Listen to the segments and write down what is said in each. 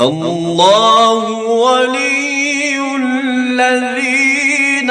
الله ولي الذين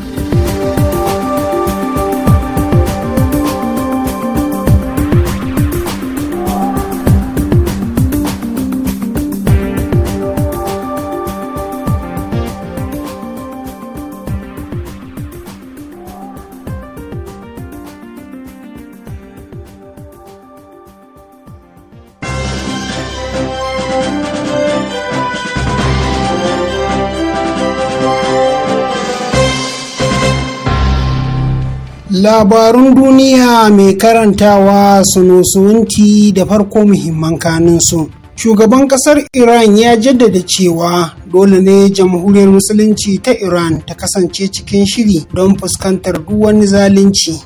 Labarun duniya mai karantawa sunusunti da farko muhimman kaninsu. Shugaban ƙasar Iran ya jaddada cewa dole ne jamhuriyar musulunci ta Iran ta kasance cikin shiri don fuskantar duk wani zalunci.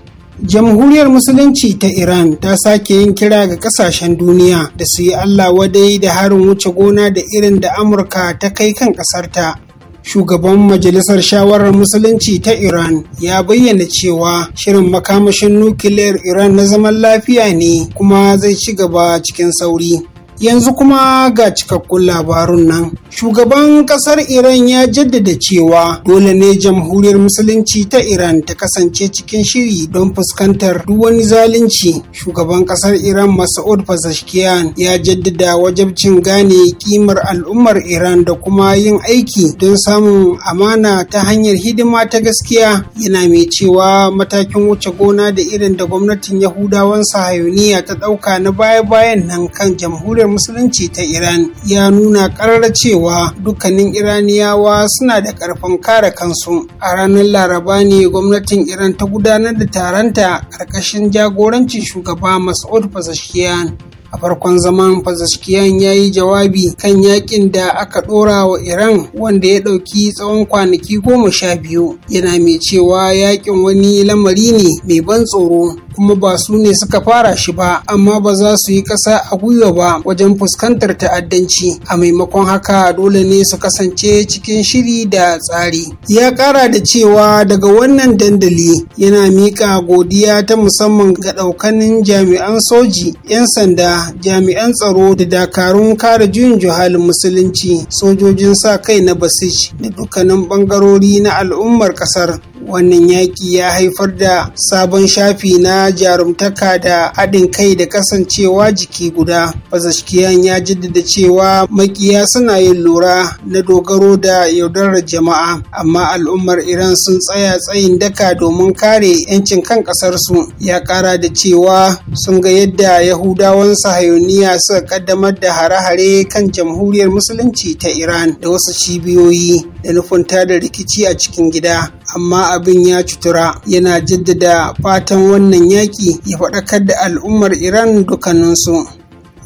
jamhuriyar musulunci ta iran ta sake yin kira ga kasashen duniya da su yi allah wadai da harin wuce gona da irin da amurka ta kai kan ƙasarta shugaban majalisar shawarar musulunci ta iran ya bayyana cewa shirin makamashin nukiliyar iran na zaman lafiya ne kuma zai ci gaba cikin sauri Yanzu kuma ga cikakkun labarun nan. Shugaban kasar Iran ya jaddada cewa dole ne jamhuriyar musulunci ta Iran ta kasance cikin shiri don fuskantar duk wani zalunci. Shugaban kasar Iran Masaud Pezeshkian ya jaddada wajabcin gane kimar al'ummar Iran da kuma yin aiki don samun amana ta hanyar hidima ta gaskiya yana mai cewa matakin wuce gona da irin da gwamnatin Yahudawan Sahayuniya ta ɗauka na baya-bayan nan kan jamhuriyar jamhuriyar musulunci ta iran ya nuna karar cewa dukkanin iraniyawa suna da karfin kare kansu a ranar laraba ne gwamnatin iran ta gudanar da taronta karkashin jagorancin shugaba mas'ud fasashiyan a farkon zaman fasashiyan ya yi jawabi kan yakin da aka ɗora wa iran wanda ya ɗauki tsawon kwanaki goma sha biyu yana mai cewa yakin wani lamari ne mai ban tsoro kuma ba su ne suka fara shi ba amma ba za su yi ƙasa a gwiwa ba wajen fuskantar ta'addanci a maimakon haka dole ne su kasance cikin shiri da tsari ya ƙara da cewa daga wannan dandali yana miƙa godiya ta musamman ga ɗaukanin jami'an soji 'yan sanda jami'an tsaro da dakarun kare juyin juhalin musulunci sojojin sa kai na basij da dukkanin ɓangarori na al'ummar ƙasar wannan yaƙi ya haifar da sabon shafi na jarumtaka da haɗin kai da kasancewa jiki guda Pezeshkian ya jaddada cewa makiya suna yin lura na dogaro da yaudarar jama'a amma al'ummar iran sun tsaya tsayin daka domin kare 'yancin kan ƙasarsu ya ƙara da cewa sun ga yadda yahudawan sahayoniya suka ƙaddamar da hare-hare kan jamhuriyar musulunci ta iran da wasu cibiyoyi da nufin da rikici a cikin gida amma abin ya cutura yana jaddada fatan wannan yaƙi ya faɗakar da al'ummar iran dukkaninsu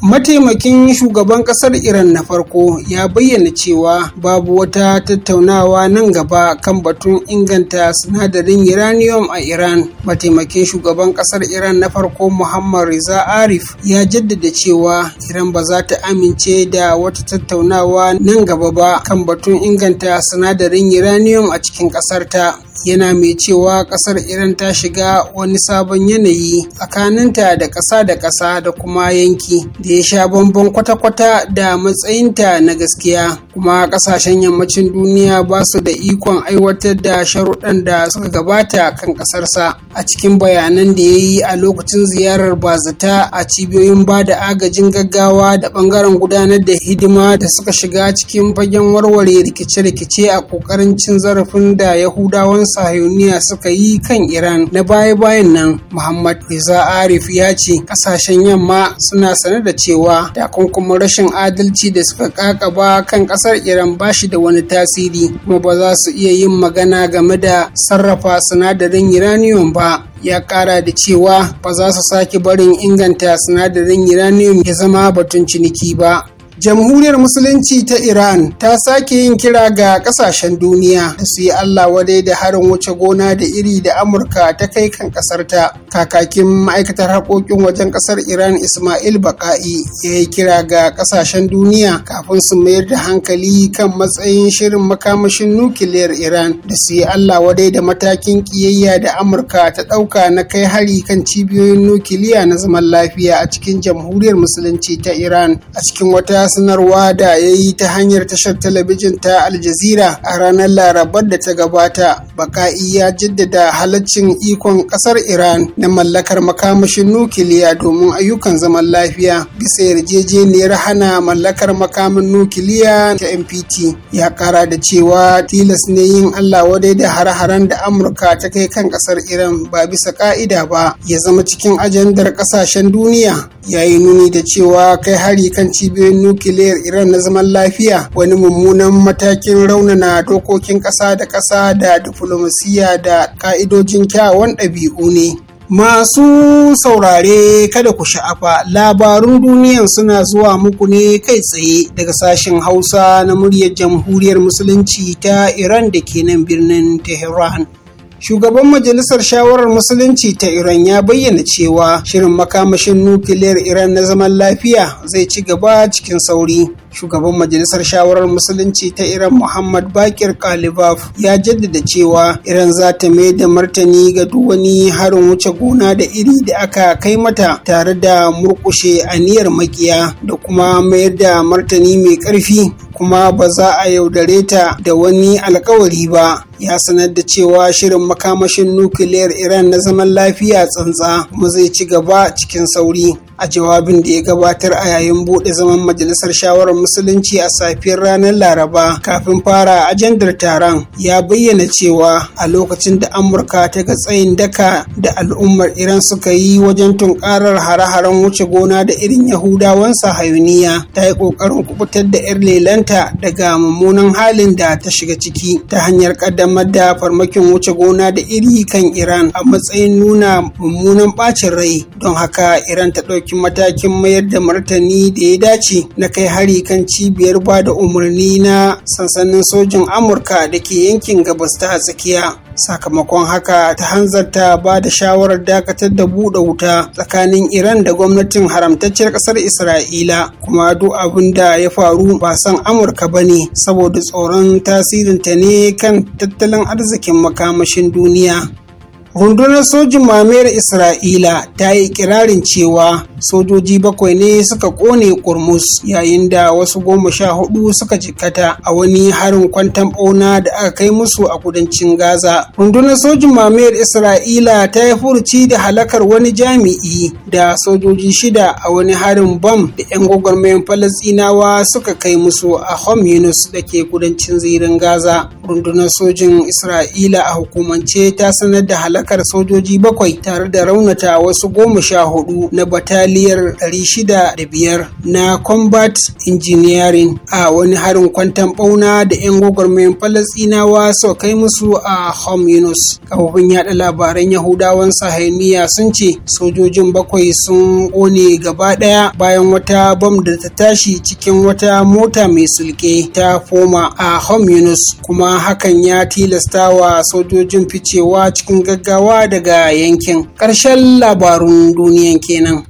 mataimakin shugaban ƙasar iran na farko ya bayyana cewa babu wata tattaunawa nan gaba kan batun inganta sinadarin uranium a iran mataimakin shugaban ƙasar iran na farko muhammad riza arif ya jaddada cewa iran ba za ta amince da wata tattaunawa nan gaba ba kan batun inganta sinadarin uranium a cikin ƙasarta yana mai cewa kasar iran ta shiga wani sabon yanayi tsakaninta da ƙasa da ƙasa da kuma yanki da ya sha bambam kwata-kwata da matsayinta na gaskiya kuma ƙasashen yammacin duniya ba su da ikon aiwatar da sharuɗan da suka gabata kan ƙasarsa a cikin bayanan da ya yi a lokacin ziyarar bazata a cibiyoyin ba da agajin gaggawa da ɓangaren gudanar da hidima da suka shiga cikin fagen warware rikice-rikice a ƙoƙarin cin zarafin da yahudawan sahiyoniya suka yi kan iran na baya-bayan nan muhammad riza arif ya ce ƙasashen yamma suna sane da cewa takunkumin rashin adalci da suka ƙaƙaba kan ƙasar ƙasar Iran ba shi da wani tasiri kuma ba za su iya yin magana game da sarrafa sinadarin uranium ba. Ya ƙara da cewa ba za su sake barin inganta sinadarin uranium ya zama batun ciniki ba. jamhuriyar musulunci ta iran ta sake yin kira ga kasashen duniya da su yi allah wadai da harin wuce gona da iri da amurka ta kai kan kasarta kakakin ma'aikatar haƙoƙin wajen kasar iran ismail baka'i ya yi kira ga kasashen duniya kafin su mayar da hankali kan matsayin shirin makamashin nukiliyar iran da su yi allah wadai da matakin ƙiyayya da amurka ta ɗauka na kai hari kan cibiyoyin nukiliya na zaman lafiya a cikin jamhuriyar musulunci ta iran a cikin wata sanarwa da ya yi ta hanyar tashar talabijin ta Al Jazeera a ranar Larabar da ta gabata, Baka'i ya jaddada halaccin ikon ƙasar Iran na mallakar makamashin nukiliya domin ayyukan zaman lafiya bisa yarjejeniyar hana mallakar makamin nukiliya ta NPT. Ya ƙara da cewa tilas ne yin Allah wadai da hare-haren da Amurka ta kai kan ƙasar Iran ba bisa ƙa'ida ba ya zama cikin ajandar ƙasashen duniya. Ya yi nuni da cewa kai hari kan cibiyoyin nukiliyar iran na zaman lafiya wani mummunan matakin raunana dokokin ƙasa da ƙasa da diflomasiya da ka'idojin kyawawan ɗabi'u ne Masu saurare kada ku sha'afa labarun duniyan suna zuwa muku ne kai tsaye daga sashen Hausa na muryar Jamhuriyar Musulunci ta Iran da ke nan birnin Tehran. shugaban majalisar shawarar musulunci ta iran ya bayyana cewa shirin makamashin nukiliyar iran na zaman lafiya zai ci gaba cikin sauri shugaban majalisar shawarar musulunci ta iran muhammad bakir kalibaf ya jaddada cewa iran za ta mai da martani ga duk wani harin wuce gona da iri da aka kai mata tare da murkushe aniyar makiya da kuma mayar da martani mai karfi kuma ba za a yaudare ta da wani alkawari ba ya sanar da cewa shirin makamashin nukiliyar iran na zaman lafiya tsantsa kuma zai ci gaba cikin sauri a jawabin da ya gabatar a yayin buɗe zaman majalisar shawarar musulunci a safiyar ranar laraba kafin fara ajandar taron ya bayyana cewa a lokacin da amurka ta ga tsayin daka da al'ummar iran suka yi wajen tunkarar hare-haren wuce gona da irin yahudawan sahayuniya ta yi ƙoƙarin kubutar da 'yar lelanta daga mummunan halin da ta shiga ciki ta hanyar ƙaddamar da farmakin wuce gona da iri kan iran a matsayin nuna mummunan ɓacin rai don haka iran ta ɗauki ɗauki matakin mayar da martani da ya dace na kai hari kan cibiyar ba da umarni na sansanin sojin amurka da ke yankin gabas ta tsakiya sakamakon haka ta hanzarta ba da shawarar dakatar da buɗe wuta tsakanin iran da gwamnatin haramtacciyar ƙasar isra'ila kuma duk abin da ya faru ba san amurka ba ne saboda tsoron tasirinta ne kan tattalin arzikin makamashin duniya rundunar sojin mamayar isra'ila ta yi kirarin cewa sojoji bakwai ne suka kone kurmus yayin da wasu goma sha hudu suka jikkata a wani harin kwantan bauna da aka kai musu a kudancin gaza rundunar sojin mamayar isra'ila ta yi furuci da halakar wani jami'i da sojoji shida a wani harin bam da 'yan gwagwarmayan falastinawa suka kai musu a hom yunus da ke kudancin zirin gaza rundunar sojin isra'ila a hukumance ta sanar da halakar hallakar sojoji bakwai tare da raunata wasu goma sha hudu na bataliyar 605 na combat engineering a wani harin kwantan bauna da 'yan gwagwarmayan falasinawa so kai musu a home yunus kafofin yada labaran yahudawan sahaniya sun ce sojojin bakwai sun kone gaba daya bayan wata bam da ta tashi cikin wata mota mai sulke ta foma a home yunus kuma hakan ya tilasta wa sojojin ficewa cikin gaggawa gaggawa daga yankin ƙarshen labarun duniyan kenan.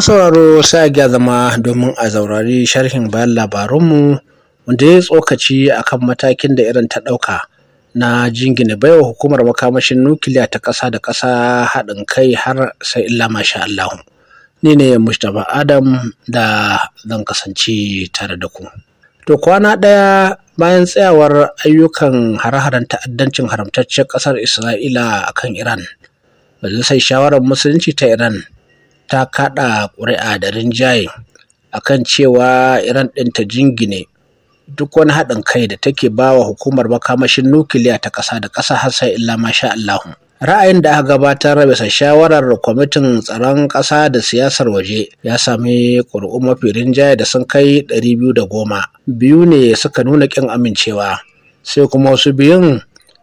sauraro sa ga zama domin a zaurari sharhin bayan labarunmu wanda ya tsokaci akan matakin da irin ta ɗauka na jingina baiwa hukumar makamashin nukiliya ta ƙasa da ƙasa haɗin kai har sai illa masha Allah, Ni ne Mustapha Adam da zan kasance tare da ku. To kwana ɗaya bayan tsayawar ayyukan hare-haren ta'addancin haramtaccen ƙasar Isra'ila a kan Iran, majalisar shawarar musulunci ta Iran ta kaɗa ƙuri'a da rinjaye akan cewa Iran ɗin ta jingine duk wani haɗin kai da take ba wa hukumar makamashin nukiliya ta ƙasa da ƙasa har sai illa masha Allahu. Ra'ayin da aka gabatar bisa shawarar kwamitin tsaron ƙasa da siyasar waje ya sami ƙuri'u mafi rinjaye da sun kai ɗari Biyu da goma, biyu ne suka nuna ƙin amincewa, sai kuma wasu biyun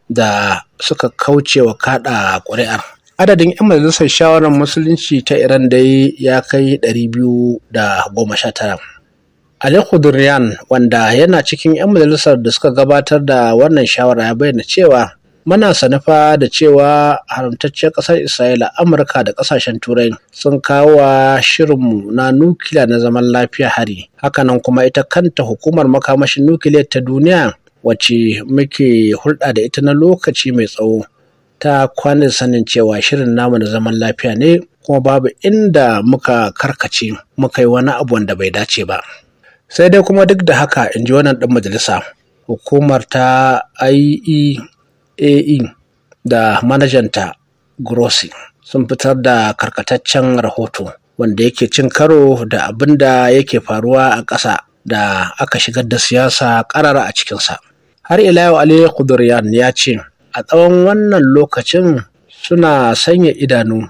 da suka kauce wa kaɗa ƙuri'ar. Adadin 'yan majalisar shawarar musulunci ta Iran dai ya kai ɗari biyu da goma sha tara Ali Khudurian wanda yana cikin 'yan majalisar da suka gabatar da wannan shawara ya bayyana cewa muna sanufa da cewa haramtacciyar ƙasar Isra'ila Amurka da ƙasashen Turai sun kawo wa shirinmu na nukiliya na zaman lafiya hari. Hakanan kuma ita kanta hukumar makamashin nukiliyar ta duniya wacce muke hulɗa da ita na lokaci mai tsawo ta kwana sanin cewa shirin namu na zaman lafiya ne kuma babu inda muka karkace muka yi wani abu wanda bai dace ba. sai dai kuma duk da haka in ji wannan ɗan majalisa hukumar ta ieae e da manajanta grossi sun fitar da karkataccen rahoto wanda yake cin karo da abin da yake faruwa a ƙasa da aka shigar da siyasa ƙarara a cikinsa har ila yau ali kudurian ya ce a tsawon wannan lokacin suna sanya idanu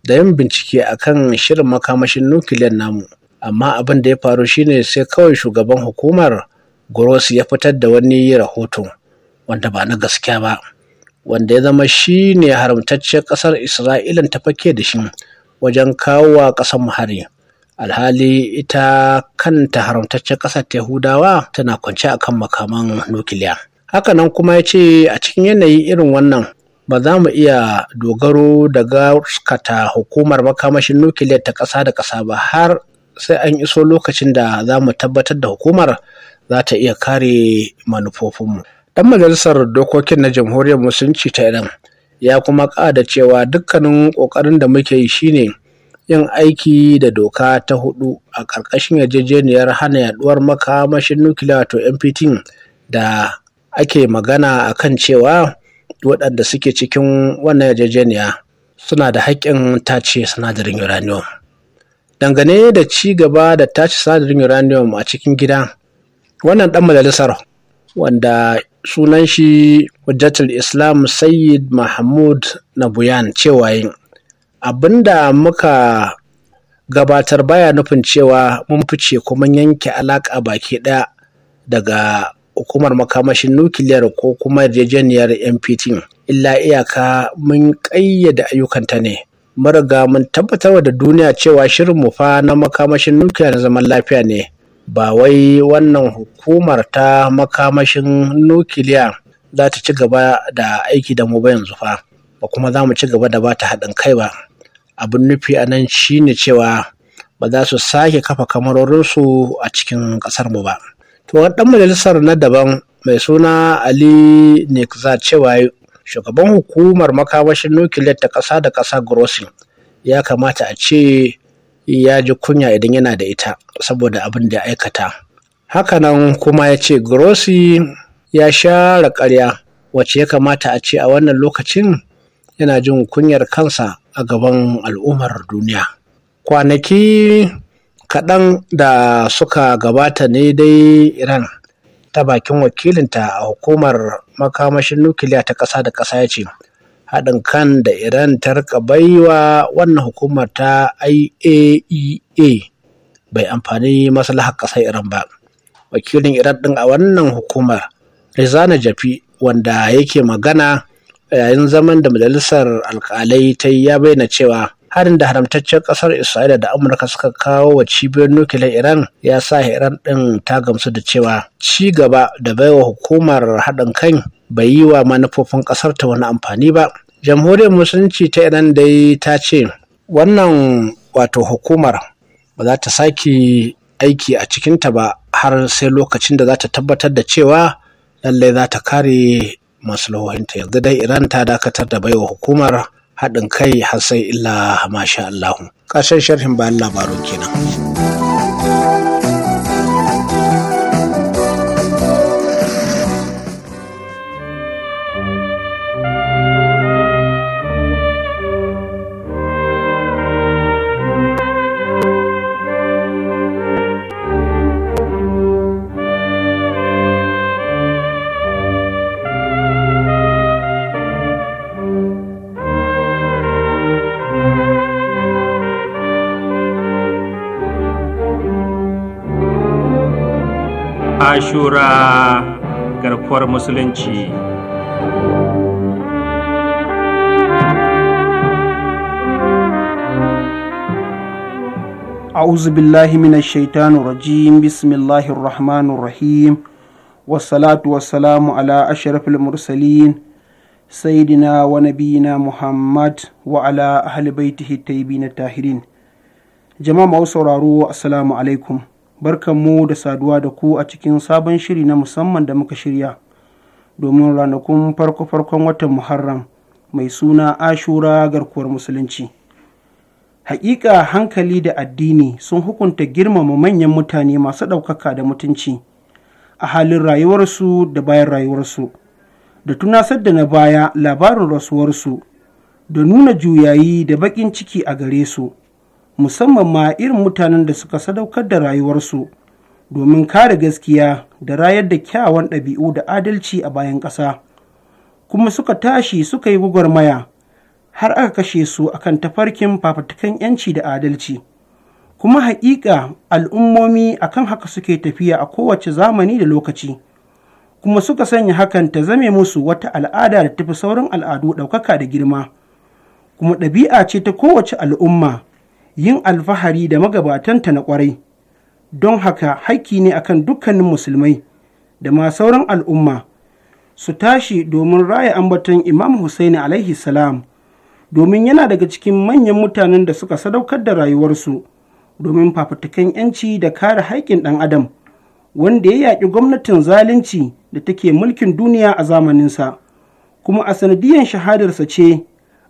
da yin bincike akan shirin makamashin nukiliyar namu amma abin da ya faru shine sai kawai shugaban hukumar Gross ya fitar da wani rahoton wanda ba na gaskiya ba wanda ya zama shi ne haramtacciyar ƙasar isra'ilan ta fake da shi wajen kawo wa ƙasar hari alhali ita kanta haramtacciyar ƙasar ta yahudawa tana kwance akan makaman nukiliya hakanan kuma ya ce a cikin yanayi irin wannan ba za mu iya dogaro da gaskata hukumar makamashin nukiliyar ta ƙasa da ƙasa ba har sai an iso lokacin da za mu tabbatar da hukumar za ta iya kare manufofinmu. Ɗan majalisar dokokin na jamhuriyar musulunci ta Iran ya kuma ƙada cewa dukkanin ƙoƙarin da muke yi shine yin aiki da doka ta hudu a ƙarƙashin yarjejeniyar hana yaduwar makamashin nukiliya to NPT da ake magana a kan cewa waɗanda suke cikin wannan yarjejeniya suna da haƙƙin tace sinadarin uranium. dangane da ci gaba da tashi sadarin uranium a cikin gida wannan dan majalisar wanda sunan shi hujjatul islam sayyid mahmud na buyan, cewa yin abinda muka gabatar baya nufin cewa mun fice kuma yanke alaƙa baki ɗaya daga hukumar makamashin nukiliyar ko kuma yarjejeniyar mpt illa iyaka mun ƙayyade ayyukanta ne Marga mun tabbatar da duniya cewa shirin mu fa na makamashin nukiliya na zaman lafiya ne ba wai wannan hukumar ta makamashin nukiliya za ta ci gaba da aiki da mu ba yanzu fa ba kuma za mu ci gaba da ba ta haɗin kai ba abin nufi a nan shine cewa ba za su sake kafa kamarorinsu a cikin ƙasar mu ba to wani ɗan majalisar na daban mai suna ali nekza cewa shugaban hukumar makamashin nukiliyar ta ƙasa da ƙasa Grossi ya kamata a ce ya ji kunya idan yana da ita saboda abin da aikata hakanan kuma ya ce grossi ya share ƙarya wacce ya kamata a ce a wannan lokacin yana jin kunyar kansa a gaban al'ummar duniya kwanaki kaɗan da suka gabata ne dai iran ta bakin wakilinta a hukumar makamashin nukiliya ta ƙasa da ƙasa ya ce haɗin kan da iran ta rika baiwa wannan hukumar ta iaea e bai amfani maslahar ƙasar iran ba wakilin iran ɗin a wannan hukumar rizana jafi wanda yake magana yayin zaman da majalisar alkalai ta yi ya bayyana cewa harin da haramtaccen kasar isra'ila da amurka suka kawo wa cibiyar nukiliyar iran ya sa iran ɗin ta gamsu da cewa ci gaba da baiwa hukumar haɗin kan bai yi wa manufofin ƙasar ta wani amfani ba jamhuriyar musulunci ta iran dai ta ce wannan wato hukumar ba za ta sake aiki a cikinta ba har sai lokacin da za ta tabbatar da cewa lallai za ta kare masu yanzu dai iran ta dakatar da baiwa hukumar haɗin kai har sai illa masha Allahu. Ƙarshen sharhin bayan labarun kenan. ashura garkuwar musulunci A'uzubillahi billahi minash shaitani rajim bismillahir rahmanir rahim wasalatu wasalamu ala ashrafil mursalin saidina wa nabiyina muhammad wa ala ahli baitihi na tahirin jama'a masu sauraro asalamu alaikum mu da saduwa da ku a cikin sabon shiri na musamman da muka shirya domin ranakun farko-farkon watan Muharram mai suna Ashura garkuwar Musulunci. Hakika hankali da addini sun hukunta girmama manyan mutane masu ɗaukaka da mutunci a halin rayuwarsu da bayan rayuwarsu, da tunasar da na baya labarin rasuwarsu, da nuna juyayi da baƙin ciki a gare su. musamman ma irin mutanen da suka sadaukar da rayuwarsu domin kare gaskiya da rayar da kyawan ɗabi'u da adalci a bayan ƙasa kuma suka tashi suka yi gwagwarmaya har aka kashe su akan tafarkin fafatukan 'yanci da adalci kuma haƙiƙa al'ummomi akan haka suke tafiya a kowace zamani da lokaci kuma suka sanya hakan ta zame musu wata al'ada da tafi sauran al'adu ɗaukaka da girma kuma ɗabi'a ce ta kowace al'umma yin alfahari da magabatanta na kwarai don haka haƙƙi ne akan dukkanin musulmai da ma sauran al'umma su tashi domin raya ambaton imam Hussein alaihi salam domin yana daga cikin manyan mutanen da suka sadaukar da rayuwarsu domin fafutukan 'yanci da kare haƙƙin ɗan adam wanda ya yaƙi gwamnatin zalunci da take mulkin duniya a zamaninsa kuma a sanadiyar shahadarsa ce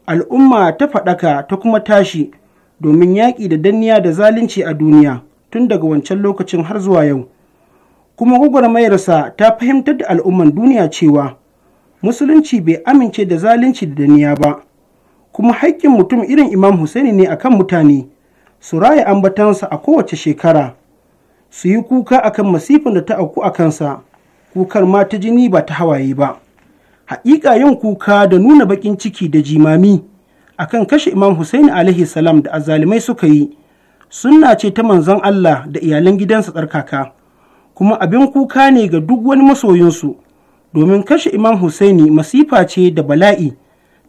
al'umma ta faɗaka ta kuma tashi domin yaƙi da danniya da zalunci a duniya tun daga wancan lokacin har zuwa yau kuma gwagwarmayarsa ta fahimtar da al'umman duniya cewa musulunci bai amince da zalunci da danniya ba kuma haƙƙin mutum irin imam Hussaini ne akan mutane su raya ambatansa a kowace shekara su yi kuka akan masifin da ta auku a kansa kukar ma ta jini ba ta hawaye ba haƙiƙa yin kuka da nuna baƙin ciki da jimami akan kashe Imam Husaini alaihi salam da azalimai suka yi sunna ce ta manzon Allah da iyalan gidansa tsarkaka kuma abin kuka ne ga duk wani masoyinsu domin kashe Imam Husaini masifa ce da bala'i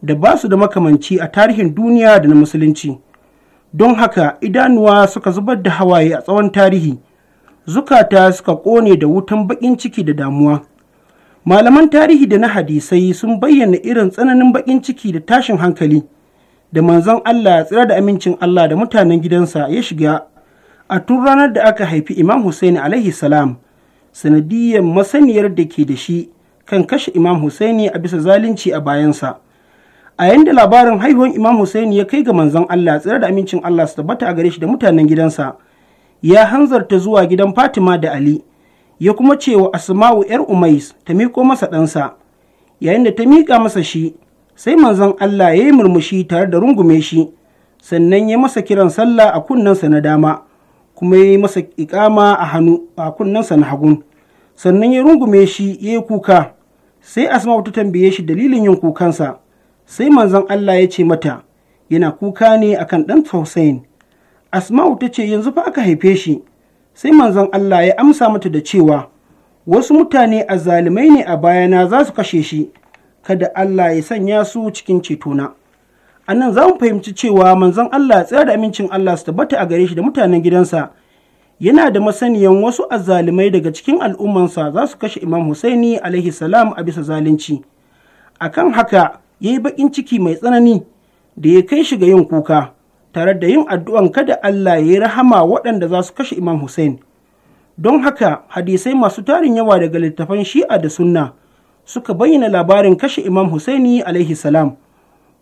da ba su da makamanci a tarihin duniya da na musulunci don haka idanuwa suka zubar da hawaye a tsawon tarihi zukata suka kone da wutan baƙin ciki da damuwa malaman tarihi da na hadisai sun bayyana irin tsananin baƙin ciki da tashin hankali da manzon Allah ya tsira da amincin Allah da mutanen gidansa ya shiga a tun ranar da aka haifi Imam Hussein alaihi salam sanadiyar masaniyar da ke da shi kan kashe Imam Hussein a bisa zalunci a bayansa. A yayin da labarin haihuwar Imam Hussein ya kai ga manzon Allah tsira da amincin Allah su tabbata a gare shi da mutanen gidansa ya hanzarta zuwa gidan Fatima da Ali ya kuma ce wa Asma'u ‘yar Umais ta miko masa ɗansa, yayin da ta miƙa masa shi sai manzon Allah ya yi murmushi tare da rungume shi sannan ya masa kiran sallah a kunnensa na dama kuma ya yi masa ikama a hannu a kunnensa na hagun sannan ya rungume shi ya yi kuka sai asma ta tambaye shi dalilin yin kukansa sai manzon Allah ya ce mata yana kuka ne akan ɗan Hussein Asma'u ta ce yanzu fa aka haife shi sai manzon Allah ya amsa mata da cewa wasu mutane azzalumai ne a bayana za su kashe shi kada Allah ya sanya su cikin cetona. A nan za mu fahimci cewa manzon Allah tsaya da amincin Allah su tabbata a gare shi da mutanen gidansa yana da masaniyan wasu azzalumai daga cikin al'ummansa za su kashe Imam Husaini alaihi salam a bisa zalunci. Akan haka ya yi baƙin ciki mai tsanani da ya kai shi ga yin kuka tare da yin addu'an kada Allah ya yi rahama waɗanda za su kashe Imam Hussein. Don haka hadisai masu tarin yawa daga littafan shi'a da sunna suka bayyana labarin kashe Imam Husaini alaihi salam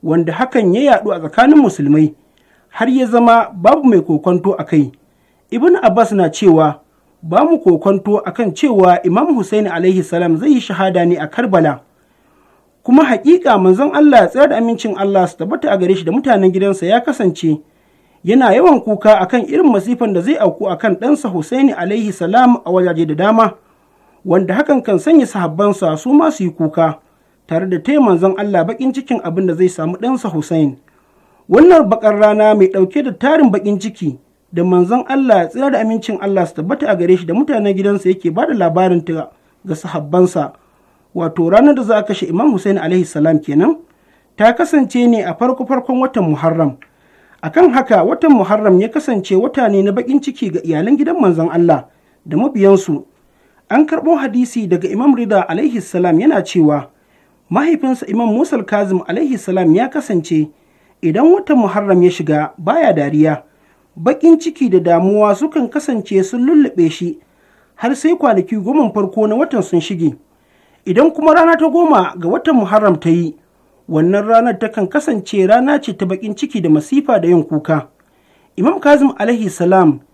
wanda hakan ya yaɗu a tsakanin musulmai har ya zama babu mai kokonto a kai. Ibn Abbas na cewa ba mu kokonto a kan cewa Imam Husaini alaihi salam zai yi shahada ne a Karbala. Kuma haƙiƙa manzon Allah tsaya da amincin Allah su tabbata a gare shi da mutanen gidansa ya kasance yana yawan kuka akan irin masifan da zai auku akan ɗansa Husaini alaihi salam a wajaje da dama. wanda hakan kan sanya sahabbansa su ma su yi kuka tare da taya manzon Allah bakin cikin abin da zai samu ɗansa Hussein. Wannan bakar rana mai ɗauke da tarin bakin ciki da manzon Allah ya tsira da amincin Allah su tabbata a gare shi da mutanen gidansa yake ba da labarin ta ga sahabbansa. Wato ranar da za a kashe Imam Hussein alaihi salam kenan ta kasance ne a farko farkon watan Muharram. Akan haka watan Muharram ya kasance wata ne na bakin ciki ga iyalan gidan manzon Allah da mabiyansu an karɓo hadisi daga imam rida alaihi salam yana cewa mahaifinsa imam musal kazim alaihi salam ya kasance idan watan muharram ya shiga baya dariya baƙin ciki da damuwa sukan kasance sun lullube shi har sai kwanaki goma farko na watan sun shige idan kuma rana ta goma ga watan muharram ta yi wannan ranar takan kasance rana ce ta baƙin ciki da masifa da yin kuka imam kazim alaihi salam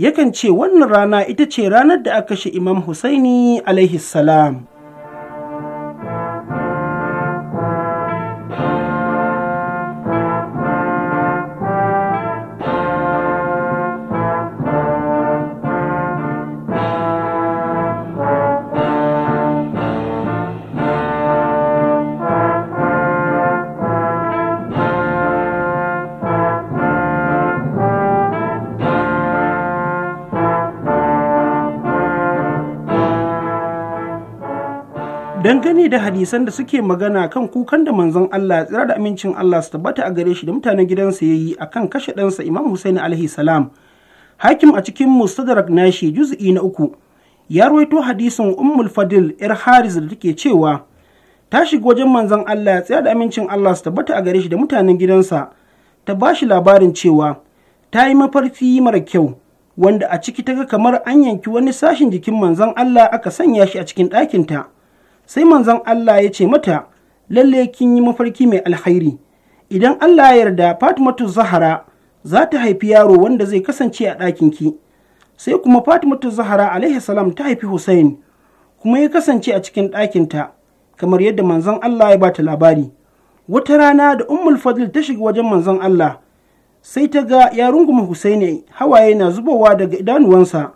yakan ce wannan rana ita ce ranar da aka kashe Imam Husaini alaihi salam. dangane da hadisan da suke magana kan kukan da manzon Allah tsira da amincin Allah su tabbata a gare shi da mutanen gidansa ya yi a kan kashe ɗansa Imam Hussein alaihi salam hakim a cikin Mustadrak nashi juz'i na uku ya ruwaito hadisin Ummul Fadil yar Haris da take cewa ta shiga wajen manzon Allah tsira da amincin Allah su tabbata a gare shi da mutanen gidansa ta ba shi labarin cewa ta yi mafarki mara kyau wanda a ciki ta ga kamar an yanki wani sashin jikin manzon Allah aka sanya shi a cikin ɗakinta. ta sai manzon Allah ya ce mata lalle kin yi mafarki mai alkhairi idan Allah ya yarda Fatimatu Zahara za ta haifi yaro wanda zai kasance a ɗakin ki sai kuma Fatimatu Zahara alaihi salam ta haifi Hussein kuma ya kasance a cikin ɗakin ta kamar yadda manzon Allah ya bata labari wata rana da Ummul Fadl ta shiga wajen manzon Allah sai ta ga ya runguma Hussein hawaye na zubowa daga idanuwansa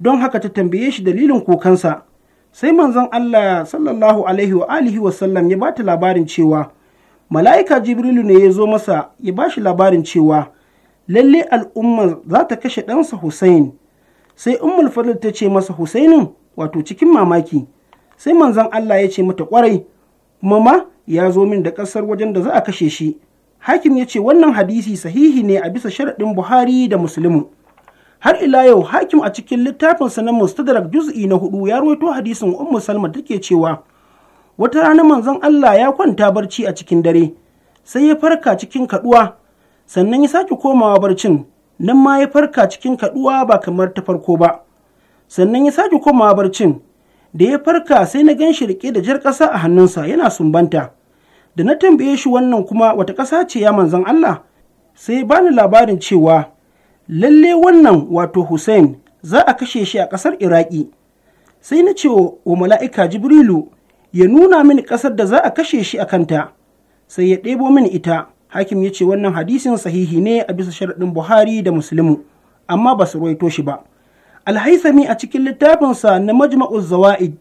don haka ta tambaye shi dalilin kokansa. sai manzon Allah sallallahu alaihi wa alihi wa sallam ya bata labarin cewa mala'ika Jibrilu ne ya zo masa ya bashi labarin cewa lalle al'umma za ta kashe ɗansa Hussein sai ummul fadl ta ce masa Husainin wato cikin mamaki sai manzon Allah ya ce mata kwarai kuma ma ya zo min da ƙasar wajen da za a kashe shi hakim ya ce wannan hadisi sahihi ne a bisa sharaɗin Buhari da Muslimu har ila yau hakim a cikin littafin littafinsa na mustadrak juz'i na hudu ya ruwaito hadisin ummu salma take cewa wata rana manzon Allah ya kwanta barci a cikin dare sai ya farka cikin kaduwa sannan ya sake komawa barcin nan ma ya farka cikin kaduwa ba kamar ta farko ba sannan ya sake komawa barcin da ya farka sai na gan shi rike da jar ƙasa a hannunsa yana sumbanta da na tambaye shi wannan kuma wata ƙasa ce ya manzon Allah sai bani labarin cewa lalle wannan wato Hussein za a kashe shi a ƙasar Iraki. Sai na ce wa mala'ika Jibrilu ya nuna mini ƙasar da za a kashe shi a kanta, sai ya ɗebo mini ita. Hakim ya ce wannan hadisin sahihi ne a bisa sharaɗin Buhari da Musulmu, amma ba su roito shi ba. Alhaisami a cikin littafinsa na Majma'ul Zawa'id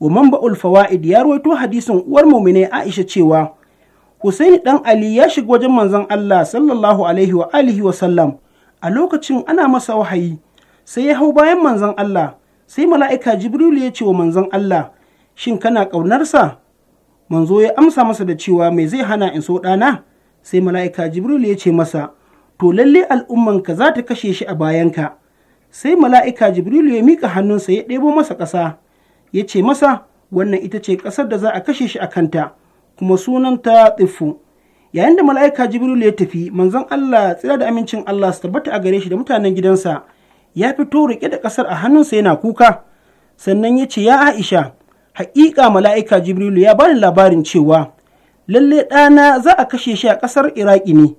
wa Mamba'ul Fawa'id ya roito hadisin uwar mumine Aisha cewa Husaini ɗan Ali ya shiga wajen manzon Allah sallallahu alaihi wa alihi wa sallam a lokacin ana masa wahayi sai ya hau bayan manzon Allah sai mala'ika Jibrilu ya ce wa manzon Allah shin kana ƙaunarsa manzo ya amsa masa da cewa mai zai hana in so ɗana sai mala'ika Jibrilu ya ce masa to lalle al'ummanka za ta kashe shi a bayanka sai mala'ika Jibrilu ya mika hannunsa ya ɗebo masa ƙasa ya ce masa wannan ita ce ƙasar da za a kashe shi a kanta kuma sunanta tsifu yayin da mala'ika jibrilu ya tafi manzon Allah tsira da amincin Allah su tabbata a gare shi da mutanen gidansa ya fito rike da ƙasar a hannunsa yana kuka sannan ya ce ya Aisha haƙiƙa mala'ika jibrilu ya bani labarin cewa lalle ɗana za a kashe shi a ƙasar Iraki ne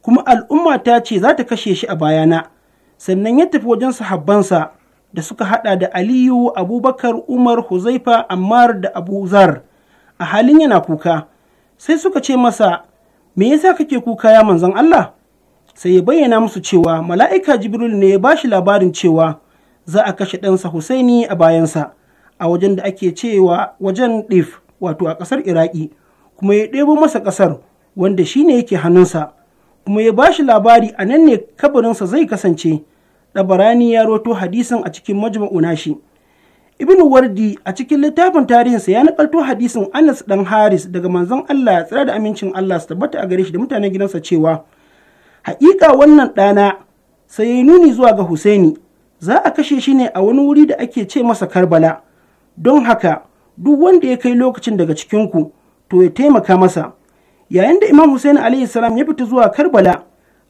kuma al'umma ta ce za ta kashe shi a bayana sannan ya tafi wajen sahabbansa da suka haɗa da Aliyu Abubakar Umar Huzaifa Ammar da Abu Zar a halin yana kuka sai suka ce masa me yasa kake kuka ya manzon Allah sai ya bayyana musu cewa mala'ika jibril ne ya ba shi labarin cewa za a kashe ɗansa husaini a bayansa a wajen da ake cewa wajen ɗef, wato a ƙasar iraki kuma ya ɗebo masa ƙasar wanda shi ne yake hannunsa kuma ya ba shi labari a nan ne kabarinsa zai kasance ɗabarani ya roto hadisin a cikin majma'u shi. Ibn Wardi a cikin littafin tarihinsa ya nakalto hadisin Anas dan Haris daga manzon Allah tsira da amincin Allah su tabbata a gare shi da mutanen gidansa cewa haƙiƙa wannan ɗana sai ya nuni zuwa ga Husaini za a kashe shi ne a wani wuri da ake ce masa Karbala don haka duk wanda ya kai lokacin daga cikin ku to ya taimaka masa yayin da Imam Husaini alayhi salam ya fita zuwa Karbala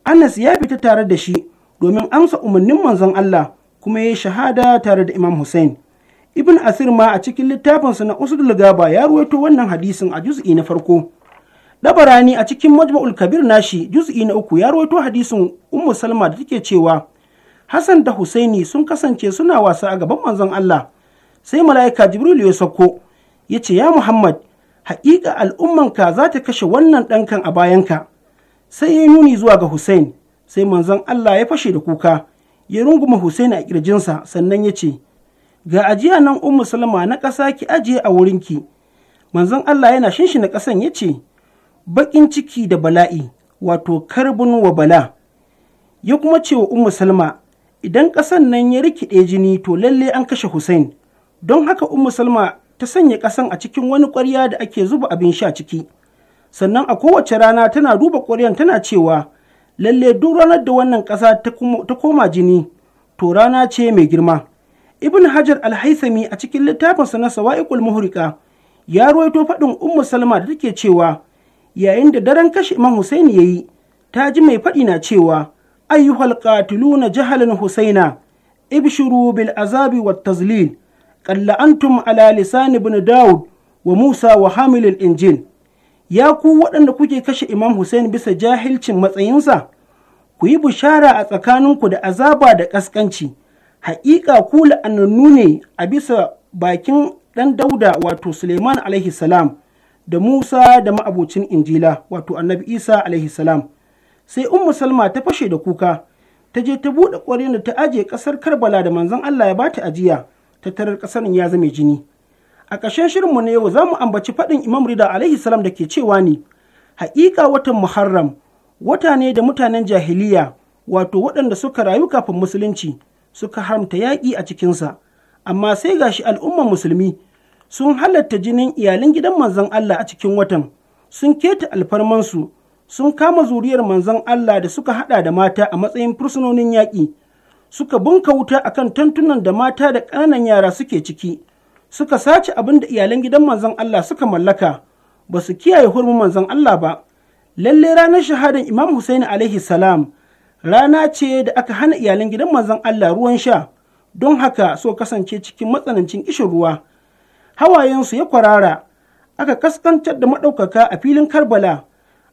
Anas ya fita tare da shi domin amsa umarnin manzon Allah kuma ya yi shahada tare da Imam Husaini ibn asir ma a cikin littafinsa na usdul gaba ya ruwaito wannan hadisin a juz'i na farko dabarani a cikin majma'ul kabir nashi juz'i na uku ya ruwaito hadisin ummu salma da take cewa hassan da husaini sun kasance suna wasa a gaban manzon allah sai mala'ika jibril ya sauko ya ce ya muhammad haƙiƙa al'ummanka za ta kashe wannan ɗankan a bayanka sai ya nuni zuwa ga Husain, sai manzon allah ya fashe da kuka ya runguma Husaini a ƙirjinsa sannan ya ce ga ajiya nan ummu musulma na ƙasa ki ajiye a wurinki manzon Allah yana shinshina ƙasan ya ce baƙin ciki da bala'i wato karbin wa bala ya kuma ce wa ummu salma idan ƙasan nan ya rikide jini to lalle an kashe Hussein don haka ummu salma ta sanya ƙasan a cikin wani ƙwarya da ake zuba abin sha ciki sannan a kowace rana tana duba ƙwaryan tana cewa lalle duk ranar da wannan ƙasa ta koma jini to rana ce mai girma ibn hajar alhaisami a cikin littafinsa na sawa'iqul muhrika ya ruwaito faɗin ummu salma da take cewa yayin da daren kashe imam ya yayi ta ji mai faɗi na cewa ayyuhal qatiluna jahalan husaina ibshuru bil azabi wat tazlil qalla antum ala lisan ibn daud wa musa wa hamilul injil ya ku waɗanda kuke kashe imam husain bisa jahilcin matsayinsa ku yi bushara a tsakaninku da azaba da ƙasƙanci haƙiƙa ku la'anannu ne a bisa bakin ɗan dauda wato suleiman alaihi salam da musa da ma'abocin injila wato annabi isa alaihi salam sai ummu salma ta fashe da kuka ta je ta buɗe ƙwarin da ta ajiye ƙasar karbala da manzon allah ya bata ajiya ta tarar ƙasar ya zame jini a ƙarshen shirinmu na yau za mu ambaci faɗin imam rida alaihi da ke cewa ne haƙiƙa watan muharram wata ne da mutanen jahiliya wato waɗanda suka rayu kafin musulunci suka haramta yaƙi a cikinsa amma sai gashi al'umman musulmi sun halatta jinin iyalin gidan manzon Allah a cikin watan sun keta alfarmansu sun kama zuriyar manzon Allah da suka haɗa da mata a matsayin fursunonin yaƙi suka bunka wuta a kan tantunan da mata da ƙananan yara suke ciki suka sace abin da iyalan gidan manzon Allah suka mallaka ba su kiyaye hurmin manzon Allah ba lalle ranar shahadar Imam Husaini alaihi salam rana ce da aka hana iyalin gidan manzon Allah ruwan sha don haka so kasance cikin matsanancin kishin ruwa hawayensu ya kwarara aka kaskantar da maɗaukaka a filin karbala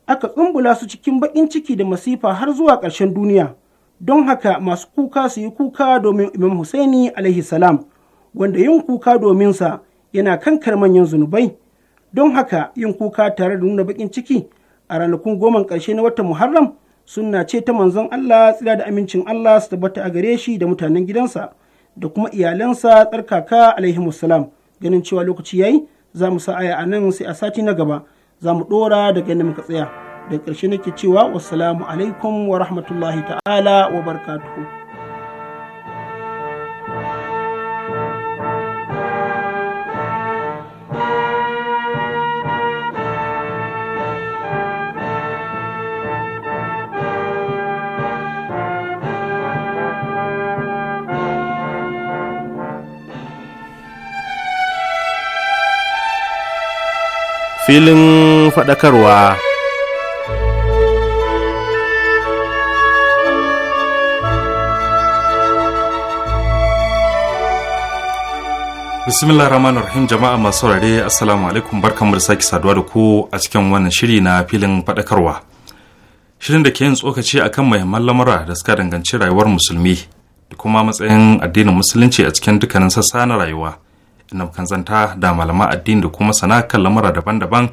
aka tsumbula su cikin baƙin ciki da masifa har zuwa ƙarshen duniya don haka masu kuka su yi kuka domin imam husaini alaihi salam wanda yin kuka domin sa yana kankar manyan zunubai don haka yin kuka tare da nuna bakin ciki a ranakun goma ƙarshe na watan muharram sunna ce ta manzon Allah tsira da amincin Allah su tabbata a gare shi da mutanen gidansa da kuma iyalansa tsarkaka alaihi musalam ganin cewa lokaci yayi za mu sa aya a nan sai a sati na gaba za mu dora da mu muka tsaya da ƙarshe nake cewa wassalamu alaikum wa rahmatullahi ta'ala wa barakatuhu filin faɗakarwa. bismillah rahman rahim jama'a masu saurare assalamu alaikum barkanmu da sake saduwa da ku a cikin wannan shiri na filin faɗakarwa shirin da ke yin tsokaci akan mahimman lamura da suka danganci rayuwar musulmi da kuma matsayin addinin musulunci a cikin dukkanin sassa na rayuwa inda da malama addini da kuma sana kan lamura daban-daban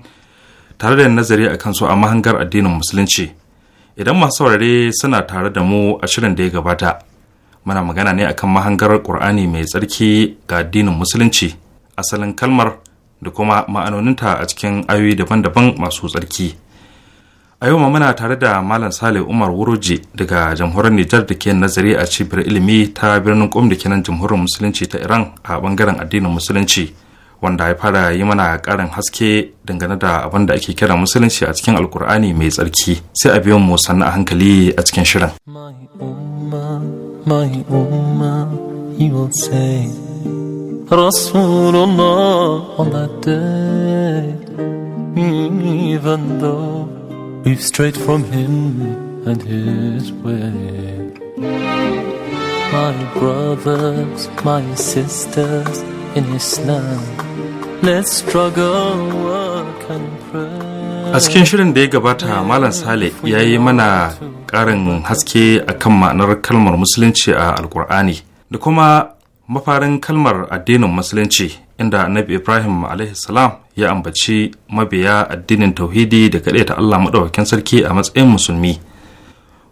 tare da nazari a kansu a mahangar addinin musulunci idan masu saurare suna tare da mu a shirin da ya gabata muna magana ne akan mahangar ƙur'ani mai tsarki ga addinin musulunci asalin kalmar da kuma ma'anoninta a cikin ayoyi daban-daban masu tsarki a yau muna tare da malam sale umar wuroji daga jamhuriyar nijar da ke nazari a cibiyar ilimi ta birnin kum da kenan jamhuriyar musulunci ta iran a bangaren addinin musulunci wanda ya fara yi mana karin haske dangane da abin da ake kira musulunci a cikin alkur'ani mai tsarki sai a biyan mu sannan hankali a cikin shirin Rasulullah We've strayed from Him and His way. My brothers, my sisters in Islam, let's struggle, work and pray. A cikin shirin da ya gabata Malam Sale ya yi mana ƙarin haske akan ma'anar kalmar Musulunci a alkur'ani da kuma mafarin kalmar addinin musulunci inda annabi ibrahim salam ya ambaci mabiya addinin tauhidi da ta allah maɗaukakin sarki a matsayin musulmi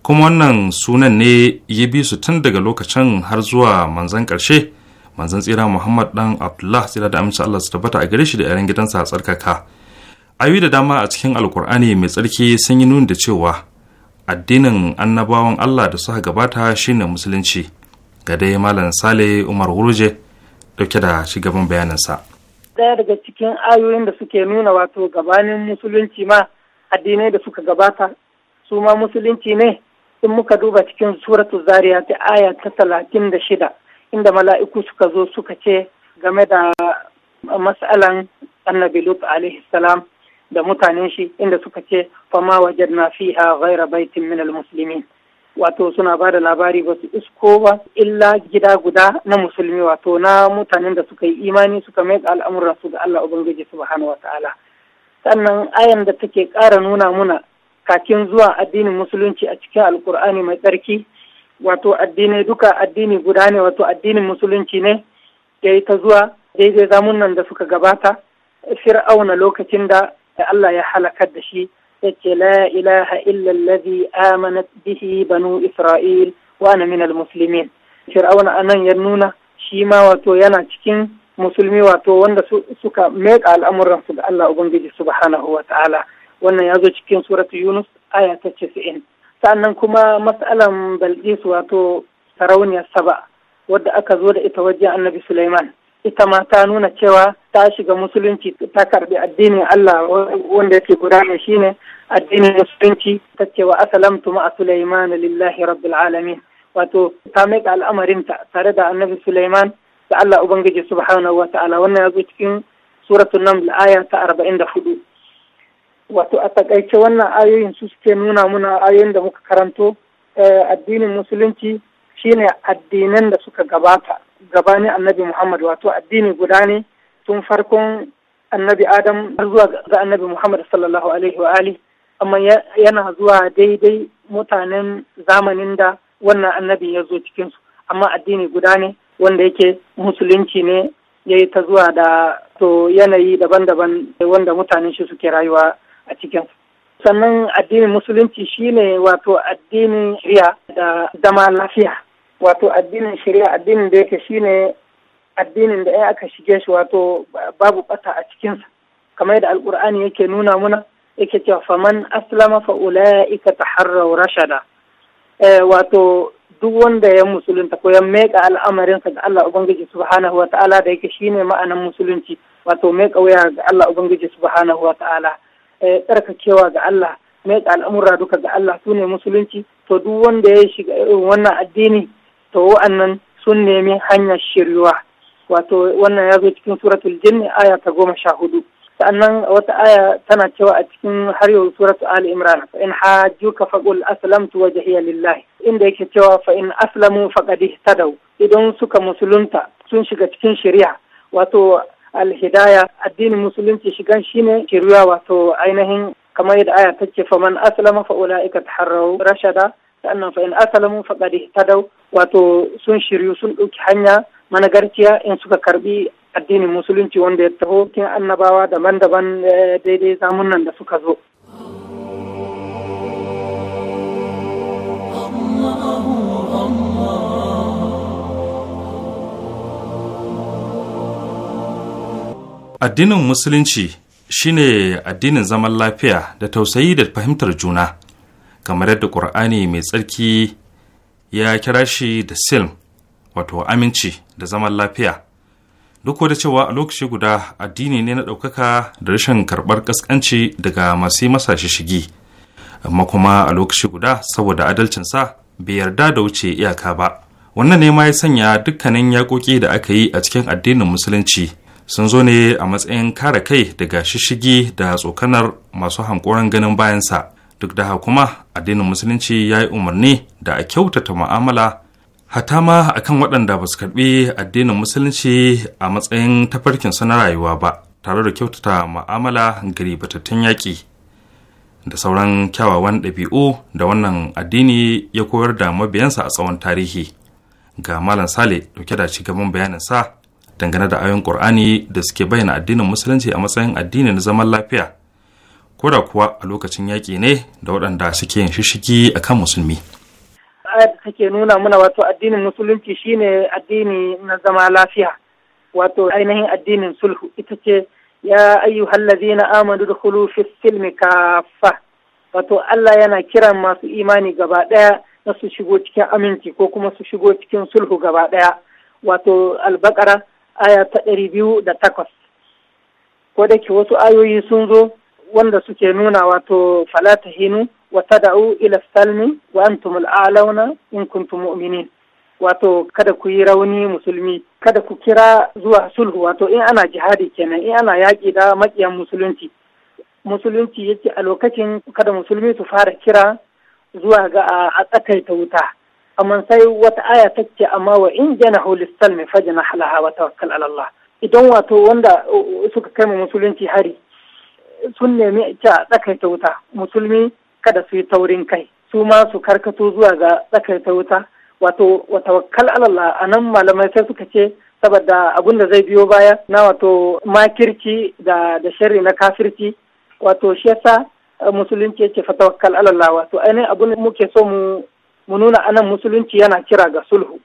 kuma wannan sunan ne ya bi su tun daga lokacin har zuwa manzan ƙarshe manzan tsira muhammad dan abdullah tsira da amince allah su tabbata a gare shi da yaren gidansa a tsarkaka ayoyi da dama a cikin alkur'ani mai tsarki sun yi nuni da cewa addinin annabawan allah da suka gabata shine musulunci ga dai malam sale umar wurje dauke da shigaban bayaninsa ɗaya daga cikin ayoyin da suke nuna wato gabanin musulunci ma addinai da suka gabata su ma musulunci ne in muka duba cikin suratu zariya ta aya ta talatin da shida inda mala'iku suka zo suka ce game da matsalan annabi lut alaihi da mutanen shi inda suka ce fama na fiha ghaira baitin minal musulmin wato suna ba da labari ba su isko ba illa gida guda na musulmi wato na mutanen da suka yi imani suka mai al'amuran su ga Allah ubangiji subhanahu wa ta'ala sannan ayan da take kara nuna muna kakin zuwa addinin musulunci a cikin alkur'ani mai tsarki wato addini duka addini guda ne wato addinin musulunci ne ya yi ta zuwa daidai zamunan da suka gabata fir'auna lokacin da Allah ya halakar da shi yace la ilaha illa allazi amanat bihi banu isra'il wa ana minal muslimin fir'auna anan ya nuna shi ma wato yana cikin musulmi wato wanda suka meka al'amuran su ga Allah ubangiji subhanahu wa ta'ala wannan ya zo cikin suratu yunus aya ta 90 sannan kuma mas'alan balqis wato sarauniyar saba wadda aka zo da ita wajen annabi Suleiman. ita ma ta nuna cewa ta shiga musulunci ta karbi addinin Allah wanda yake guda ne shine addinin musulunci ta cewa asalamtu a Sulaiman lillahi rabbil alamin wato ta mai al'amarin ta tare da annabi Sulaiman da Allah ubangiji subhanahu wa ta'ala wannan ya zo cikin suratul naml aya ta hudu. wato a takaice wannan ayoyin su suke nuna muna ayoyin da muka karanto eh, addinin musulunci shine addinan da suka gabata gabanin annabi Muhammad wato addini guda ne tun farkon annabi Adam har zuwa ga annabi Muhammad sallallahu alaihi wa ali amma yana zuwa daidai mutanen zamanin da wannan annabi ya zo cikinsu amma addini guda ne wanda yake musulunci ne ya yi ta zuwa da to yanayi daban-daban wanda mutanen shi suke rayuwa a cikinsu sannan addinin musulunci shine wato addinin riya da zama lafiya wato addinin shari'a addinin da yake shine addinin da ya aka shige shi wato babu bata a cikinsa kamar yadda alkur'ani yake nuna muna yake cewa faman aslama fa ulaika taharraw rashada eh wato duk wanda ya musulunta ko ya meka al'amarinsa ga Allah ubangiji subhanahu wa ta'ala da yake shine ma'anan musulunci wato meka waya ga Allah ubangiji subhanahu wa ta'ala eh tsarkakewa ga Allah meka al'amura duka ga Allah sune musulunci to duk wanda ya shiga irin wannan addini to wa'annan sun nemi hanyar shiryuwa wato wannan ya zo cikin suratul jin aya ta goma sha hudu sa'annan wata aya tana cewa a cikin har yau suratul ali imran fa in hajjuka faqul aslamtu wajhiya lillahi inda yake cewa fa in aslamu faqad ihtadaw idan suka musulunta sun shiga cikin shari'a wato alhidaya addinin musulunci shigan shine shiryuwa wato ainihin kamar yadda aya ta ce faman aslama fa ulaika taharraw rashada sannan fa in asalamu faqad ihtadaw wato sun shiryu sun ɗauki hanya mana managarciya in suka karbi addinin musulunci wanda ya taho kin annabawa daban-daban eh, daidai zamunan da suka zo addinin musulunci shine addinin zaman lafiya da tausayi da fahimtar juna kamar yadda ƙur'ani mai tsarki ya kira shi da silm wato aminci da zaman lafiya duk da cewa a lokaci guda addini ne na ɗaukaka da rashin karɓar ƙasƙanci daga masu masa shigi amma kuma a lokaci guda saboda adalcinsa bai yarda da wuce iyaka ba wannan ne ma ya sanya dukkanin yaƙoƙi da aka yi a cikin addinin musulunci sun zo ne a matsayin kare kai daga shishigi da tsokanar masu hankoron ganin bayansa duk da kuma addinin musulunci ya yi umarni da a kyautata mu'amala hata ma a kan waɗanda ba su karɓi addinin musulunci a matsayin tafarkinsu na rayuwa ba tare da kyautata mu'amala gari batattun yaƙi da sauran kyawawan ɗabi'u da wannan addini ya koyar da mabiyansa a tsawon tarihi ga malam sale dauke da cigaban bayanin sa dangane da ayon ƙur'ani da suke bayyana addinin musulunci a matsayin addini na zaman lafiya koda kuwa a lokacin yaƙi ne da waɗanda suke yin shishiki kan musulmi. ayar da take nuna mana wato addinin musulunci shine addini na zama lafiya wato ainihin addinin sulhu ita ce ya na amadu da da fi silmi kafa wato Allah yana kiran masu imani gaba ɗaya na su shigo cikin aminci ko kuma su shigo cikin sulhu gaba ɗaya wato albakara aya ta ɗari biyu da takwas ko da ke wasu ayoyi sun zo wanda suke nuna wato fala tahinu wa tada'u ila salmi wa antum al'alauna in kuntum mu'minin wato kada ku yi rauni musulmi kada ku kira zuwa sulhu wato in ana jihadi kenan in ana yaƙi da maƙiyan musulunci musulunci yake a lokacin kada musulmi su fara kira zuwa ga a tsakaita wuta amma sai wata aya take amma wa in jana lis-salmi fajina halaha wa tawakkal ala Allah idan wato wanda uh, suka kai musulunci hari sun nemi ta tsakaita wuta musulmi kada su yi taurin kai su ma su karkato zuwa ga tsakaita wuta wato wata tawakkal alallah a nan malamai sai suka ce saboda abin da zai biyo baya na wato makirci da da sharri na kafirci wato shi yasa eh, musulunci yake fa tawakkal alallah wato ainihin abin da muke so mu mu nuna anan musulunci yana kira ga sulhu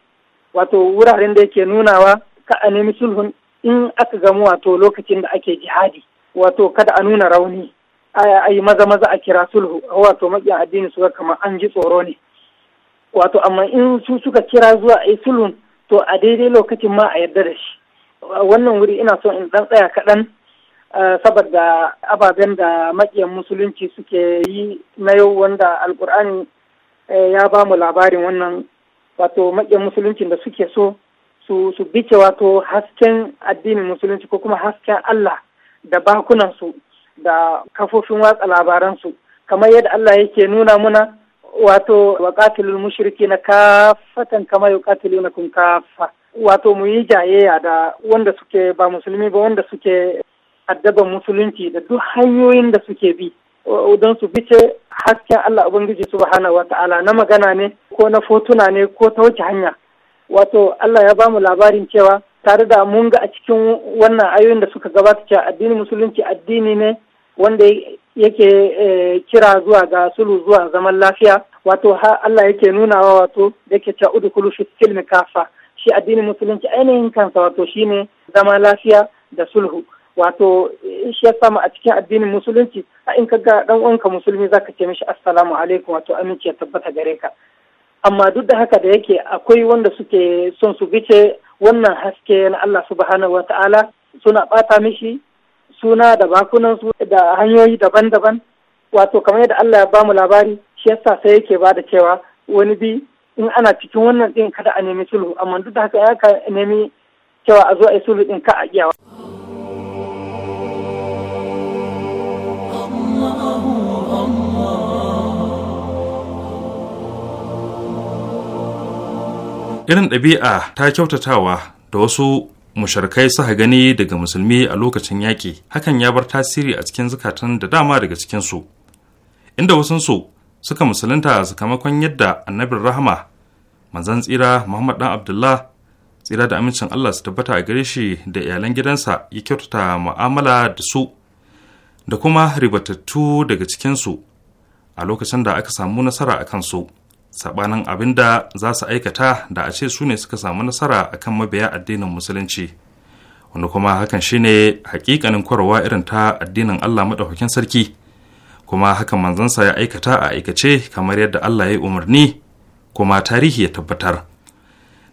wato wuraren da yake nunawa ka a nemi sulhun in aka gamu wato lokacin da ake jihadi wato kada a nuna rauni a yi maza maza a kira sulhu wato maƙiya addini suka kama an ji tsoro ne wato amma in su suka kira zuwa a yi sulhun to a daidai lokacin ma a yarda da shi wannan wuri ina so in dan tsaya kaɗan saboda ababen da maƙiyan musulunci suke yi na yau wanda alkur'ani eh, ya ba mu labarin wannan wato maƙiyan musuluncin da suke so su bice wato hasken addinin musulunci ko kuma hasken Allah da bakunansu da kafofin watsa labaransu kamar yadda Allah yake nuna muna wato wa qatilul mushrikina kafatan na kun kafa wato mu yi jayayya da wanda suke ba musulmi ba wanda suke addaban musulunci da duk hanyoyin da suke bi don su bice hasken Allah Ubangiji subhanahu wa ta'ala na magana ne ko na fotuna ne ko ta wace hanya wato Allah ya bamu labarin cewa tare da mun ga a cikin wannan ayoyin da suka gabata cewa addini musulunci addini ne wanda yake eh, kira zuwa ga sulhu zuwa zaman lafiya wato Ha Allah yake wa wato yake cewa udkhulu fi silmi kafa shi addinin musulunci ainihin kansa wato shine zama lafiya da sulhu wato eh, shi ya samu a cikin addinin musulunci a in ka ga dan uwanka musulmi zaka ce mishi assalamu alaikum wato aminci ya tabbata gare ka amma duk da haka da yake akwai wanda suke son su bice wannan haske na Allah subhanahu wa ta'ala suna ɓata mishi suna da su da hanyoyi daban-daban wato kamar yadda Allah ya bamu labari shi yasa sai yake ba da cewa wani bi in ana cikin wannan din kada a nemi sulhu amma duk da haka ya ka nemi cewa a zo a yi sulhu din ka a iyawa irin ɗabi'a ta kyautatawa da wasu musharkai suka gani daga musulmi a lokacin yaƙi hakan ya bar tasiri a cikin zukatan da dama daga cikinsu inda wasunsu suka musulunta sakamakon yadda annabin rahama manzan tsira muhammad dan abdullah tsira da amincin allah su tabbata a gare shi da iyalan gidansa ya kyautata mu'amala da su da kuma ribatattu daga cikinsu a lokacin da aka samu nasara a kansu. su sabanin abin da za su aikata da a ce su ne suka samu nasara a kan mabiya addinin musulunci wanda kuma hakan shine hakikanin kwarwa irin ta addinin Allah maɗaukakin sarki kuma hakan manzansa ya aikata a aikace kamar yadda Allah ya yi umarni kuma tarihi ya tabbatar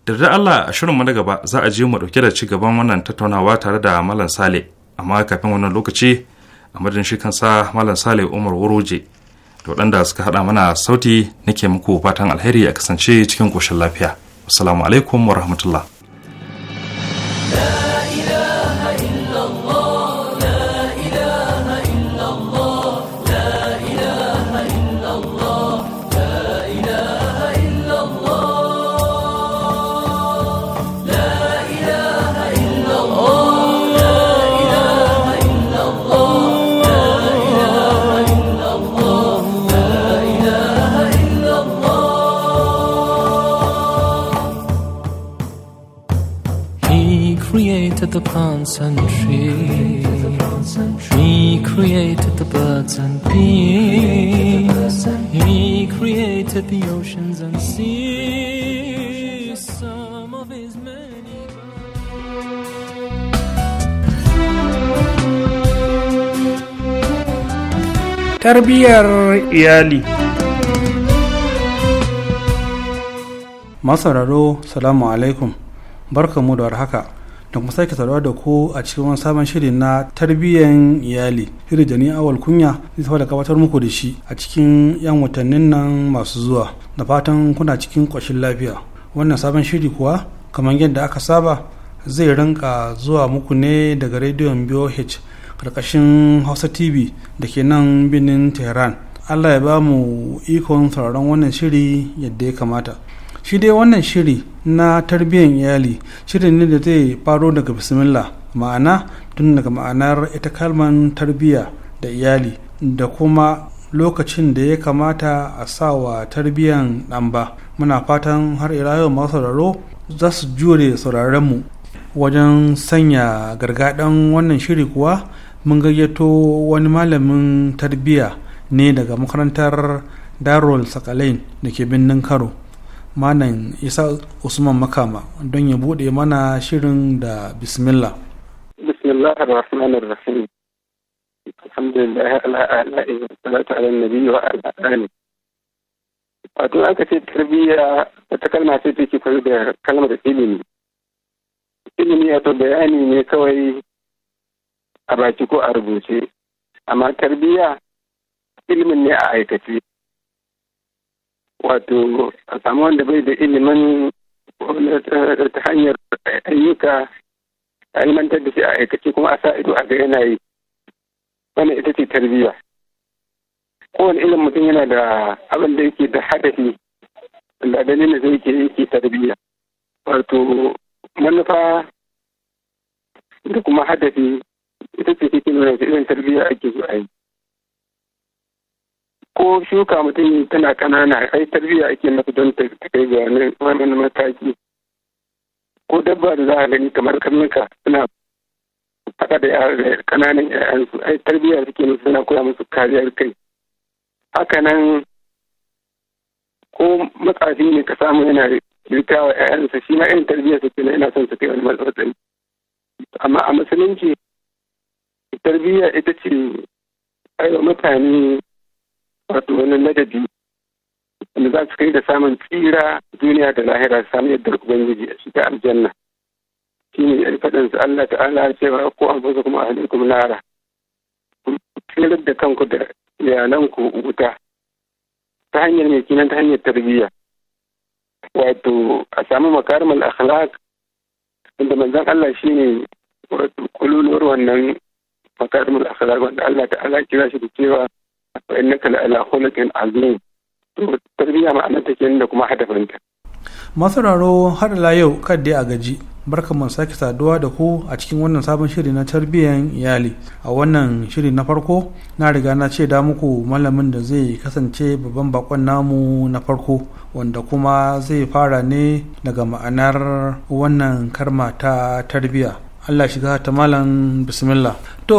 da Allah a shirinmu na gaba za a je mu ɗauke da ci gaban wannan tattaunawa tare da Malam Sale amma kafin wannan lokaci a madadin shi kansa Malam Sale Umar Wuroje to waɗanda suka haɗa mana sauti nake muku fatan alheri a kasance cikin ƙoshin lafiya. Assalamu alaikum wa rahmatullah. the plants and trees. He created the birds and bees. He created the oceans and seas. Some of his many. Tarbiyyar iyali. Masararo, salamu alaikum, barkamu da warhaka. haka. da kuma sake saurawa da ku a cikin wani sabon shiri na tarbiyyar iyali shiri da ni awal kunya zai saba da gabatar muku da shi a cikin yan watannin nan masu zuwa da fatan kuna cikin ƙoshin lafiya wannan sabon shiri kuwa kamar yadda aka saba zai rinka zuwa muku ne daga rediyon boh karkashin hausa tv da ke nan birnin tehran allah ya ba mu ikon sauraron wannan shiri yadda ya kamata shi dai wannan shiri na tarbiyyar iyali shirin ne da zai faro daga bismillah ma'ana tun daga ma'anar ita kalman tarbiyya da iyali da kuma lokacin da ya kamata a sa wa tarbiyyar ɗan ba muna fatan har ila yau masu sauraro za su jure sauraronmu wajen sanya gargaɗin wannan shiri kuwa mun gayyato wani malamin tarbiyya ne daga makarantar darul sakalain da ke birnin karo manan isa usman makama don ya bude mana shirin da bismillah bismillah ar-rahman ar-rahim alhamdulillah ala salatu ala nabi wa ala ali wato aka ce tarbiyya wata kalma ce take koyo da kalmar ilimi ilimi wato bayani ne kawai a baki ko a rubuce amma tarbiyya ilimin ne a aikace wato a samu wanda bai da ilimin eh, ta hanyar ayyuka a ilimantar da shi a aikace kuma a sa ido a ga yana yi wannan ita ce tarbiyya kowane ilimin mutum yana da abin da yake da hadafi da ganin da zai ke yake tarbiyya wato manufa da kuma hadafi ita ce cikin wani irin tarbiyya ake zuwa a yi ko shuka mutum tana kanana ai tarbiyya ake masa don ta kai ga wani mataki ko dabba da za a gani kamar karnuka suna haka da kananan 'ya'yansu ai tarbiyya suke musu suna koya musu kariyar kai haka nan ko matsafi ne ka samu yana rika wa 'ya'yansa shi ma irin su suke na yana son su kai wani matsatsin amma a musulunci tarbiyya ita ce aiwa mutane wato wani madadi wanda za su kai da samun tsira duniya da lahira su samu yadda ubangiji a shiga aljanna shi ne faɗin su Allah ta'ala cewa ko an fasa kuma kuma nara tsirar da kanku da iyalanku wuta ta hanyar mai kinan ta hanyar tarbiyya wato a samu makarimar akhlaq inda manzan Allah shi ne wato kululuwar wannan makarimar akhlaq wanda Allah ta'ala kira shi da cewa innaka la ala khuluqin azim to tarbiyya take da kuma hadafinta masararo har la yau kadai a gaji barka mu sake saduwa da ku a cikin wannan sabon shiri na tarbiyyar iyali a wannan shiri na farko na riga na ce da muku malamin da zai kasance babban bakon namu na farko wanda kuma zai fara ne daga ma'anar wannan karma ta tarbiyya allah shiga ta malam bismillah to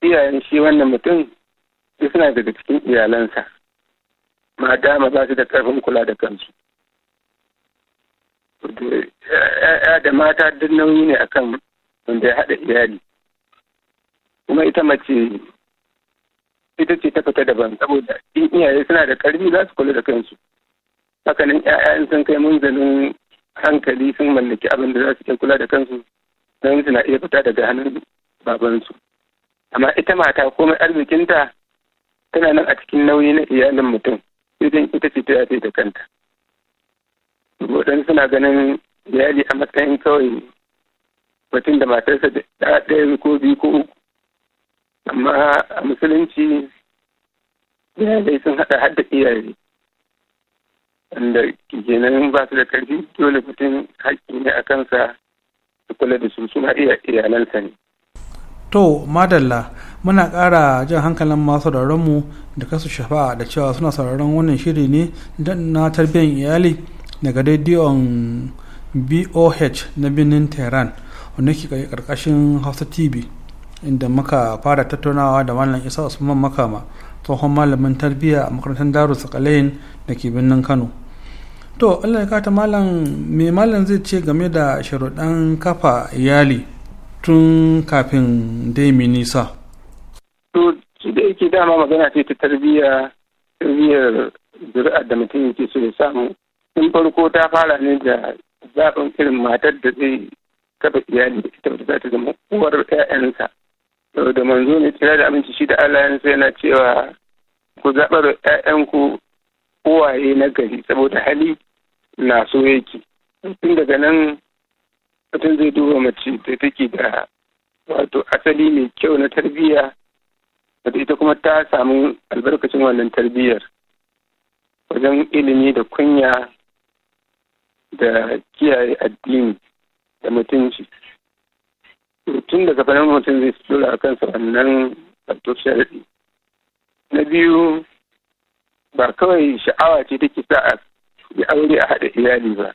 iyayen shi wannan mutum suna daga cikin iyalansa ma dama ba su da karfin kula da kansu ya da mata duk nauyi ne akan wanda ya haɗa iyali kuma ita mace ita ce ta fita daban saboda in iyaye suna da karfi za su kula da kansu hakanan 'ya'yan sun kai munzalin hankali sun mallaki abin da za su kula da kansu don suna iya fita daga hannun babansu amma ita mata komai arzikinta tana nan a cikin nauyi na iyalin mutum idan ita ce ta da kanta waɗansu suna ganin iyali a matsayin kawai mutum da matarsa da ɗaya ko biyu ko uku amma a musulunci iyalai sun haɗa har iyali iyaye wanda kenan ba su da ƙarfi dole mutum haƙƙi ne a kansa su kula da su suna iya iyalansa ne to madalla muna ƙara jan hankalin masu mu da kasu shafa da cewa suna sauraron wannan shiri ne na tarbiyyar iyali daga rediyon boh na birnin tehran wanda ke karkashin hausa tv inda muka fara tattaunawa da malam isa usman makama tsohon malamin tarbiyya a makarantar darus kalayin da ke birnin kano to allah ya kata malam me malam zai ce game da sharuɗan kafa iyali tun kafin dai mi nisa to shi da yake dama magana ce ta tarbiyya tarbiyyar zuri'ar da mutum yake so ya samu in farko ta fara ne da zaɓin irin matar da zai kafa iyali ita da za ta zama uwar 'ya'yansa da manzo ne tsira da abinci shi da Allah yansa yana cewa ku zaɓar 'ya'yanku uwaye na gari saboda hali na so yake tun daga nan mutum zai duba mace da take da wato asali mai kyau na tarbiyya wato ita kuma ta samu albarkacin wannan tarbiyyar wajen ilimi da kunya da kiyaye addini da mutunci tun daga faɗin mutum zai tura a kansa wannan wato sharaɗi na biyu ba kawai sha'awa ce take sa a yi aure a haɗa iyali ba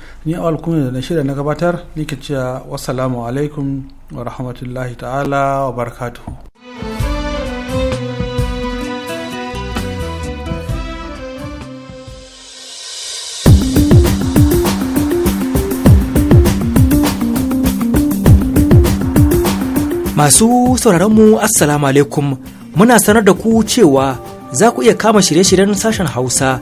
ni awal kuma da na shirya na gabatar ni ke cewa wasalamu alaikum wa rahmatullahi ta'ala wa barakatuhu Masu sauraronmu Assalamu alaikum muna sanar da ku cewa za ku iya kama shirye-shiryen sashen Hausa